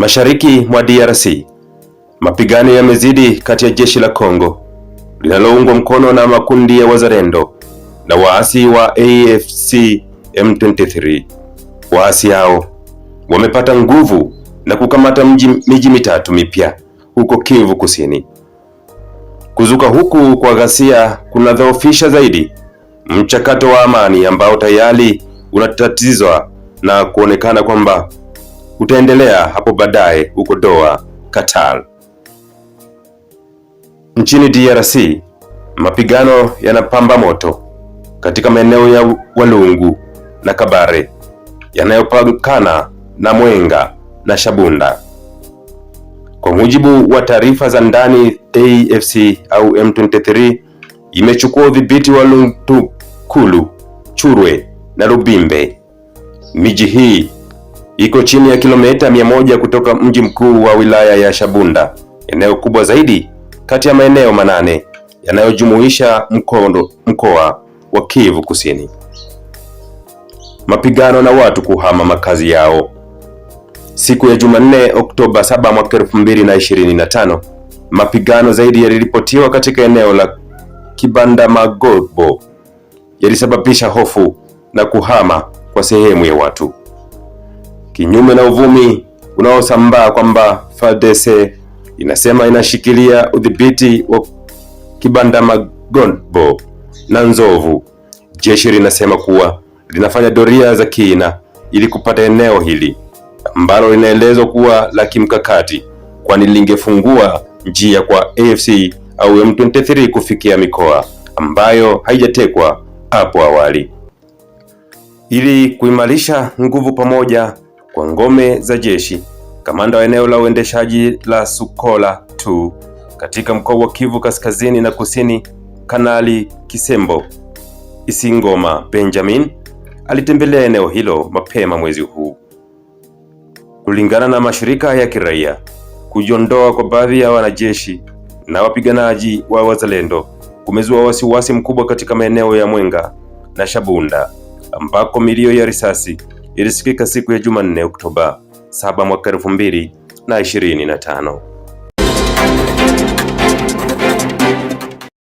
Mashariki mwa DRC mapigano yamezidi kati ya jeshi la Kongo linaloungwa mkono na makundi ya wazalendo na waasi wa AFC M23. Waasi hao wamepata nguvu na kukamata mji, miji mitatu mipya huko Kivu Kusini. Kuzuka huku kwa ghasia kunadhoofisha zaidi mchakato wa amani ambao tayari unatatizwa na kuonekana kwamba utaendelea hapo baadaye huko Doha, Qatar. Nchini DRC mapigano yanapamba moto katika maeneo ya Walungu na Kabare yanayopakana na Mwenga na Shabunda. Kwa mujibu wa taarifa za ndani, AFC au M23 imechukua udhibiti wa Lutukulu, Churwe na Lubimbe. Miji hii iko chini ya kilomita 100 kutoka mji mkuu wa wilaya ya Shabunda, eneo kubwa zaidi kati ya maeneo manane yanayojumuisha mkondo mkoa wa Kivu Kusini. Mapigano na watu kuhama makazi yao. Siku ya Jumanne, Oktoba 7 mwaka 2025, mapigano zaidi yaliripotiwa katika eneo la Kibanda Magobo yalisababisha hofu na kuhama kwa sehemu ya watu kinyume na uvumi unaosambaa kwamba FARDC inasema inashikilia udhibiti wa Kibandamagombo na Nzovu, jeshi linasema kuwa linafanya doria za kina ili kupata eneo hili ambalo linaelezwa kuwa la kimkakati, kwani lingefungua njia kwa AFC au M23 kufikia mikoa ambayo haijatekwa hapo awali ili kuimarisha nguvu pamoja kwa ngome za jeshi. Kamanda wa eneo la uendeshaji la Sukola 2 katika mkoa wa Kivu kaskazini na kusini, Kanali Kisembo Isingoma Benjamin alitembelea eneo hilo mapema mwezi huu. Kulingana na mashirika ya kiraia, kujiondoa kwa baadhi ya wanajeshi na wapiganaji wa wazalendo kumezua wasiwasi mkubwa katika maeneo ya Mwenga na Shabunda ambako milio ya risasi ilisikika siku ya Jumanne Oktoba 7 mwaka 2025.